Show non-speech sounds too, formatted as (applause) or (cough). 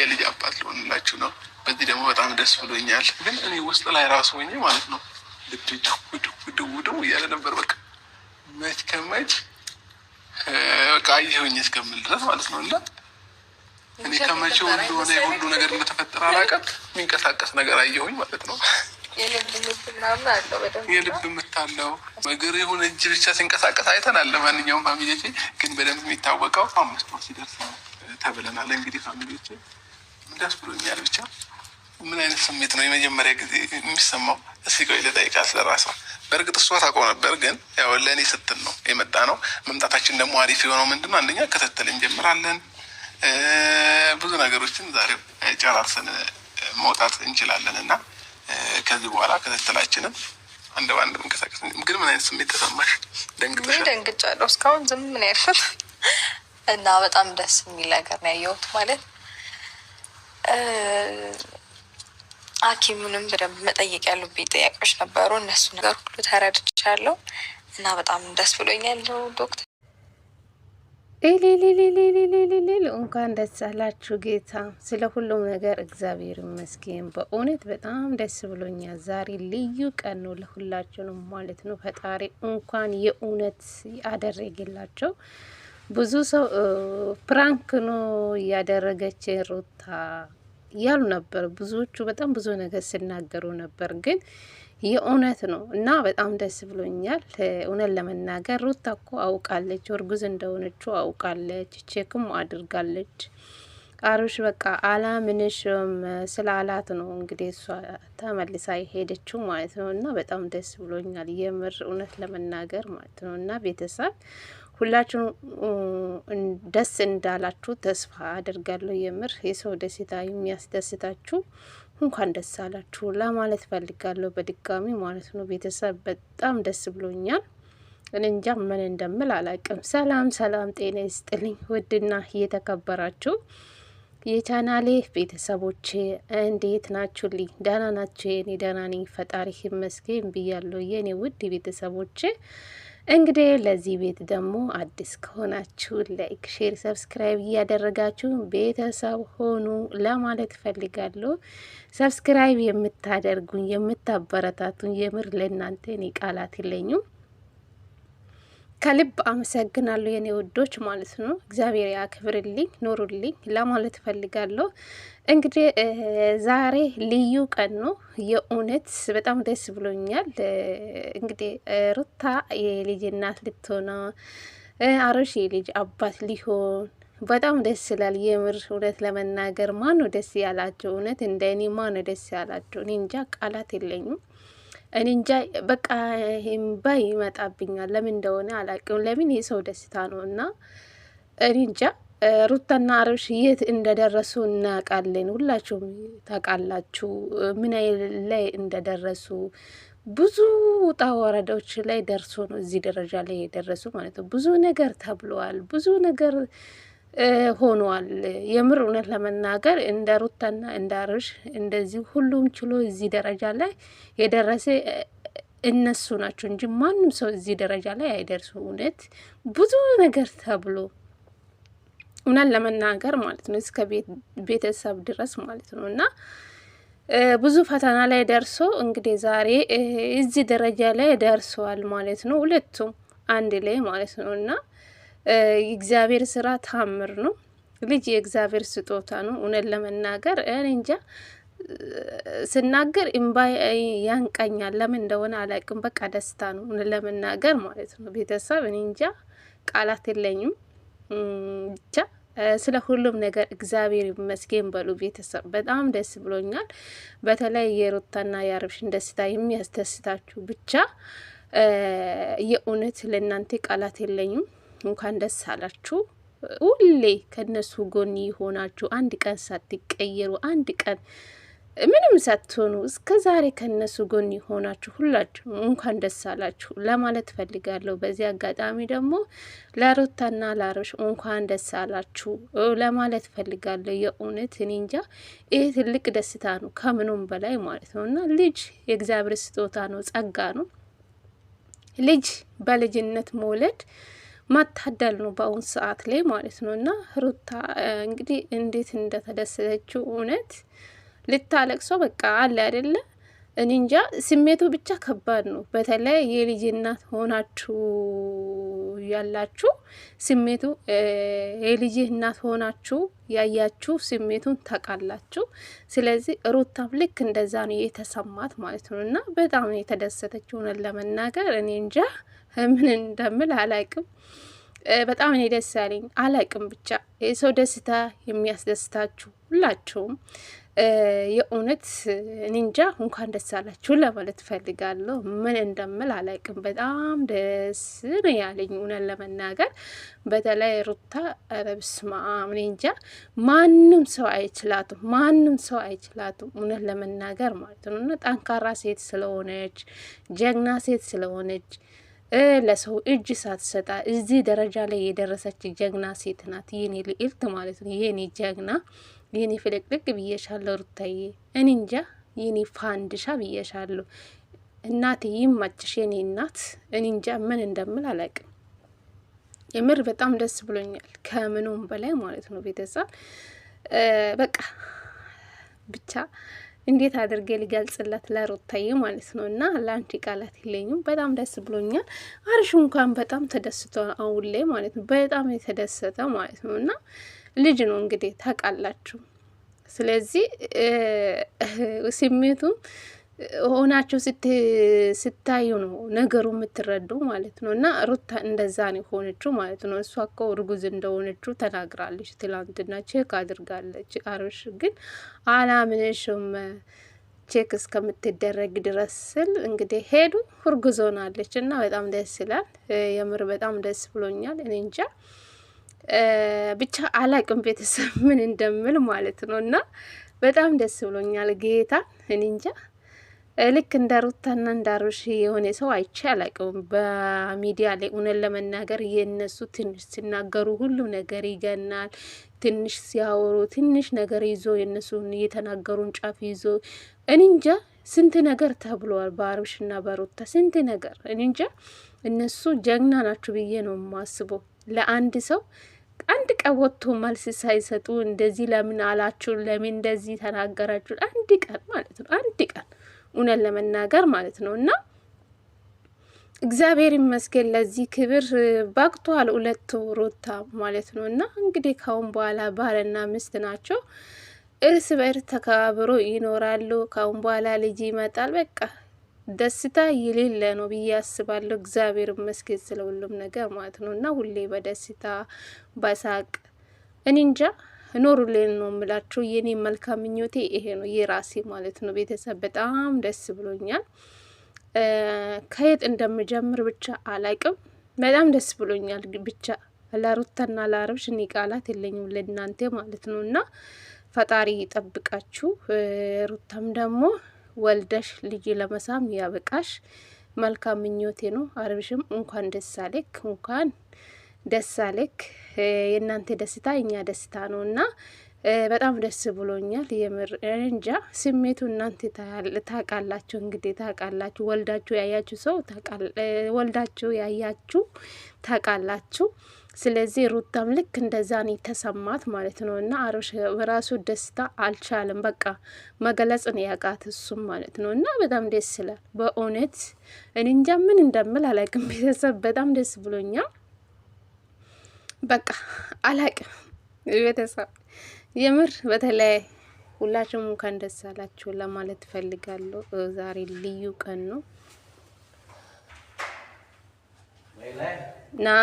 የልጅ አባት ልሆንላችሁ ነው። በዚህ ደግሞ በጣም ደስ ብሎኛል። ግን እኔ ውስጥ ላይ ራሱ ሆኜ ማለት ነው ልብ ድውድው እያለ ነበር። በቃ መች ከመች በቃ አየሁኝ እስከምል ድረስ ማለት ነው እና እኔ ከመቼው እንደሆነ የሁሉ ነገር እንደተፈጠረ አላውቅም። የሚንቀሳቀስ ነገር አየሁኝ ማለት ነው የልብ ሪስፔክት አለው። እግር ይሁን እጅ ብቻ ሲንቀሳቀስ አይተናል። ለማንኛውም ፋሚሊዎቼ ግን በደንብ የሚታወቀው አምስት ወር ሲደርስ ተብለናል። እንግዲህ ፋሚሊዎቼ ደስ ብሎኛል። ብቻ ምን አይነት ስሜት ነው የመጀመሪያ ጊዜ የሚሰማው? እስኪ ቆይ ልጠይቃት ለራሷ። በእርግጥ እሷ ታውቀው ነበር፣ ግን ያው ለእኔ ስትል ነው የመጣ ነው። መምጣታችን ደግሞ አሪፍ የሆነው ምንድን ነው አንደኛ ክትትል እንጀምራለን። ብዙ ነገሮችን ዛሬው ጨራርሰን መውጣት እንችላለን እና ከዚህ በኋላ ክትትላችንን አንድ በአንድ መንቀሳቀስ። ግን ምን አይነት ስሜት ተሰማሽ? ደንግጠሽ? ደንግጫለሁ። እስካሁን ዝም ምን ያልፈል እና በጣም ደስ የሚል ነገር ነው ያየሁት። ማለት ሐኪሙንም በደንብ መጠየቅ ያሉብኝ ጥያቄዎች ነበሩ። እነሱ ነገር ሁሉ ተረድቻለሁ እና በጣም ደስ ብሎኛል። ዶክተር ኤሌሌሌሌሌሌሌ እንኳን ደስ አላችሁ ጌታ ስለ ሁሉም ነገር እግዚአብሔር ይመስገን። በእውነት በጣም ደስ ብሎኛ ዛሬ ልዩ ቀን ነው ለሁላችንም ማለት ነው። ፈጣሪ እንኳን የእውነት ብዙ ሰው ፕራንክ ነው ያደረገች ሩታ ያሉ ነበር ብዙዎቹ፣ በጣም ብዙ ነገር ሲናገሩ ነበር ግን የእውነት ነው እና በጣም ደስ ብሎኛል። እውነት ለመናገር ሩታ እኮ አውቃለች፣ እርጉዝ እንደሆነችው አውቃለች፣ ቼክም አድርጋለች። አብርሽ በቃ አላምንሽም ስላላት ነው እንግዲህ እሷ ተመልሳ ሄደችው ማለት ነው። እና በጣም ደስ ብሎኛል የምር እውነት ለመናገር ማለት ነው። እና ቤተሰብ ሁላችሁ ደስ እንዳላችሁ ተስፋ አድርጋለሁ። የምር የሰው ደስታ የሚያስደስታችሁ እንኳን ደስ አላችሁ ለማለት ፈልጋለሁ። በድጋሚ ማለት ነው ቤተሰብ በጣም ደስ ብሎኛል። እንጃ ምን እንደምል አላቅም። ሰላም ሰላም፣ ጤና ይስጥልኝ ውድና እየተከበራችሁ የቻናሌ ቤተሰቦቼ እንዴት ናችሁልኝ? ደህና ናቸው የኔ ደህና ነኝ፣ ፈጣሪ ይመስገን ብያለሁ የኔ ውድ ቤተሰቦቼ እንግዲህ ለዚህ ቤት ደግሞ አዲስ ከሆናችሁ ላይክ፣ ሼር፣ ሰብስክራይብ እያደረጋችሁ ቤተሰብ ሆኑ ለማለት ፈልጋለሁ። ሰብስክራይብ የምታደርጉኝ የምታበረታቱኝ የምር ለእናንተ እኔ ቃላት የለኝም። ከልብ አመሰግናለሁ የኔ ውዶች ማለት ነው። እግዚአብሔር ያክብርልኝ፣ ኖሩልኝ ለማለት እፈልጋለሁ። እንግዲህ ዛሬ ልዩ ቀን ነው። የእውነት በጣም ደስ ብሎኛል። እንግዲህ ሩታ የልጅ እናት ልትሆን፣ አሮሽ የልጅ አባት ሊሆን በጣም ደስ ይላል። የምር እውነት ለመናገር ማን ነው ደስ ያላቸው? እውነት እንደ እኔ ማን ነው ደስ ያላቸው? እኔ እንጃ ቃላት የለኝም። እኔ እንጃ በቃ እምባ ይመጣብኛል። ለምን እንደሆነ አላቅም። ለምን የሰው ደስታ ነው እና እኔ እንጃ ሩታና አብርሽ የት እንደደረሱ እናውቃለን። ሁላችሁም ታውቃላችሁ ምን አይል ላይ እንደደረሱ ብዙ ውጣ ወረዶች ላይ ደርሶ ነው እዚህ ደረጃ ላይ የደረሱ ማለት ነው። ብዙ ነገር ተብለዋል። ብዙ ነገር ሆኗል። የምር እውነት ለመናገር እንደ ሩታና እንደ አብርሽ እንደዚህ ሁሉም ችሎ እዚህ ደረጃ ላይ የደረሰ እነሱ ናቸው እንጂ ማንም ሰው እዚህ ደረጃ ላይ አይደርሱ። እውነት ብዙ ነገር ተብሎ እውነት ለመናገር ማለት ነው እስከ ቤተሰብ ድረስ ማለት ነው እና ብዙ ፈተና ላይ ደርሶ እንግዲህ ዛሬ እዚህ ደረጃ ላይ ደርሰዋል ማለት ነው። ሁለቱም አንድ ላይ ማለት ነው እና የእግዚአብሔር ስራ ታምር ነው። ልጅ የእግዚአብሔር ስጦታ ነው። እውነት ለመናገር እኔ እንጃ ስናገር እምባ ያንቀኛል። ለምን እንደሆነ አላቅም። በቃ ደስታ ነው ለመናገር ማለት ነው። ቤተሰብ እኔ እንጃ ቃላት የለኝም። ብቻ ስለ ሁሉም ነገር እግዚአብሔር ይመስገን በሉ ቤተሰብ። በጣም ደስ ብሎኛል። በተለይ የሩታና የአብርሽን ደስታ የሚያስደስታችሁ ብቻ የእውነት ለእናንተ ቃላት የለኝም። እንኳን ደስ አላችሁ። ሁሌ ከነሱ ጎን የሆናችሁ አንድ ቀን ሳትቀየሩ አንድ ቀን ምንም ሳትሆኑ እስከ ዛሬ ከነሱ ጎን የሆናችሁ ሁላችሁ እንኳን ደስ አላችሁ ለማለት ፈልጋለሁ። በዚህ አጋጣሚ ደግሞ ለሩታና ላብርሽ እንኳን ደስ አላችሁ ለማለት ፈልጋለሁ። የእውነት እኔ እንጃ ይህ ትልቅ ደስታ ነው ከምኑም በላይ ማለት ነው። እና ልጅ የእግዚአብሔር ስጦታ ነው፣ ጸጋ ነው። ልጅ በልጅነት መውለድ ማታደል ነው በአሁን ሰዓት ላይ ማለት ነው። እና ሩታ እንግዲህ እንዴት እንደተደሰተችው እውነት ልታለቅሶ በቃ አለ አይደለ እኔ እንጃ። ስሜቱ ብቻ ከባድ ነው። በተለይ የልጅ እናት ሆናችሁ ያላችሁ ስሜቱ የልጅ እናት ሆናችሁ ያያችሁ ስሜቱን ታውቃላችሁ። ስለዚህ ሩታም ልክ እንደዛ ነው የተሰማት ማለት ነው እና በጣም የተደሰተችውን ለመናገር እኔ እንጃ ምን እንደምል አላቅም። በጣም እኔ ደስ ያለኝ አላቅም። ብቻ የሰው ደስታ የሚያስደስታችሁ ሁላችሁም የእውነት ኒንጃ እንኳን ደስ አላችሁ ለማለት ፈልጋለሁ። ምን እንደምል አላቅም። በጣም ደስ ነው ያለኝ እውነት ለመናገር በተለይ ሩታ ረብስማ ኒንጃ ማንም ሰው አይችላቱም፣ ማንም ሰው አይችላቱም እውነት ለመናገር ማለት ነው እና ጠንካራ ሴት ስለሆነች ጀግና ሴት ስለሆነች ለሰው እጅ ሳትሰጣ እዚህ ደረጃ ላይ የደረሰች ጀግና ሴት ናት። የኔ ልዕልት ማለት ነው። የኔ ጀግና፣ የኔ ፍልቅልቅ ብዬሻለሁ ሩታዬ። እኔ እንጃ የኔ ፋንድሻ ብዬሻለሁ እናቴ። ይማችሽ የኔ እናት። እኔ እንጃ ምን እንደምል አላቅም። የምር በጣም ደስ ብሎኛል፣ ከምኑም በላይ ማለት ነው። ቤተሰብ በቃ ብቻ እንዴት አድርገ ሊገልጽለት ለሩታዬ ማለት ነው። እና ለአንቺ ቃላት የለኝም። በጣም ደስ ብሎኛል። አርሽ እንኳን በጣም ተደስቶ አሁን ላይ ማለት ነው። በጣም የተደሰተ ማለት ነው። እና ልጅ ነው እንግዲህ ታውቃላችሁ። ስለዚህ ስሜቱም ሆናቸው ስታዩ ነው ነገሩ የምትረዱ ማለት ነው። እና ሩታ እንደዛ ነው የሆነችው ማለት ነው። እሷ እኮ እርጉዝ እንደሆነችው ተናግራለች። ትላንትና ቼክ አድርጋለች። አብርሽ ግን አላምንሽም ቼክ እስከምትደረግ ድረስ ስል እንግዲህ ሄዱ እርጉዝ ሆናለች። እና በጣም ደስ ይላል። የምር በጣም ደስ ብሎኛል። እኔ እንጃ ብቻ አላቅም ቤተሰብ ምን እንደምል ማለት ነው። እና በጣም ደስ ብሎኛል። ጌታ እኔ እንጃ ልክ እንደ ሩታና እንደ አብርሽ የሆነ ሰው አይቼ አላውቅም። በሚዲያ ላይ እውነት ለመናገር የእነሱ ትንሽ ሲናገሩ ሁሉ ነገር ይገናል። ትንሽ ሲያወሩ ትንሽ ነገር ይዞ የእነሱን እየተናገሩን ጫፍ ይዞ እንንጃ ስንት ነገር ተብሏል። በአብርሽና በሩታ ስንት ነገር እንንጃ። እነሱ ጀግና ናችሁ ብዬ ነው ማስቦ ለአንድ ሰው አንድ ቀን ወጥቶ መልስ ሳይሰጡ እንደዚህ ለምን አላችሁ፣ ለምን እንደዚህ ተናገራችሁ፣ አንድ ቀን ማለት ነው አንድ ቀን እውነት ለመናገር ማለት ነው እና እግዚአብሔር ይመስገን ለዚህ ክብር ባቅቷል። ሁለት ሩታ ማለት ነው እና እንግዲህ ካሁን በኋላ ባልና ሚስት ናቸው። እርስ በእርስ ተከባብሮ ይኖራሉ። ካሁን በኋላ ልጅ ይመጣል። በቃ ደስታ የሌለ ነው ብዬ አስባለሁ። እግዚአብሔር ይመስገን ስለ ሁሉም ነገር ማለት ነው እና ሁሌ በደስታ በሳቅ እኔ እንጃ ኖሩልን ነው የምላችሁ። የኔ መልካም ምኞቴ ይሄ ነው የራሴ ማለት ነው። ቤተሰብ በጣም ደስ ብሎኛል። ከየት እንደምጀምር ብቻ አላቅም። በጣም ደስ ብሎኛል። ብቻ ለሩታና ለአብርሽ እኔ ቃላት የለኝም ለእናንተ ማለት ነው እና ፈጣሪ ይጠብቃችሁ። ሩታም ደግሞ ወልደሽ ልጅ ለመሳም ያበቃሽ መልካም ምኞቴ ነው። አብርሽም እንኳን ደስ አለክ እንኳን ደስ አለክ። የእናንተ ደስታ እኛ ደስታ ነው እና በጣም ደስ ብሎኛል። የምር እንጃ ስሜቱ እናንተ ታውቃላችሁ፣ እንግዲህ ታውቃላችሁ፣ ወልዳችሁ ያያችሁ ሰው ወልዳችሁ ያያችሁ ታውቃላችሁ። ስለዚህ ሩታም ልክ እንደዛ ነው የተሰማት ማለት ነው እና አብርሽ በራሱ ደስታ አልቻለም። በቃ መገለጽ ነው ያቃት እሱም ማለት ነው እና በጣም ደስ ይላል በእውነት እኔ እንጃ ምን እንደምል አላውቅም። (laughs) ቤተሰብ በጣም ደስ ብሎኛል። በቃ አላቅም ቤተሰብ የምር በተለይ ሁላችሁም እንኳን ደስ አላችሁ ለማለት እፈልጋለሁ። ዛሬ ልዩ ቀን ነው ና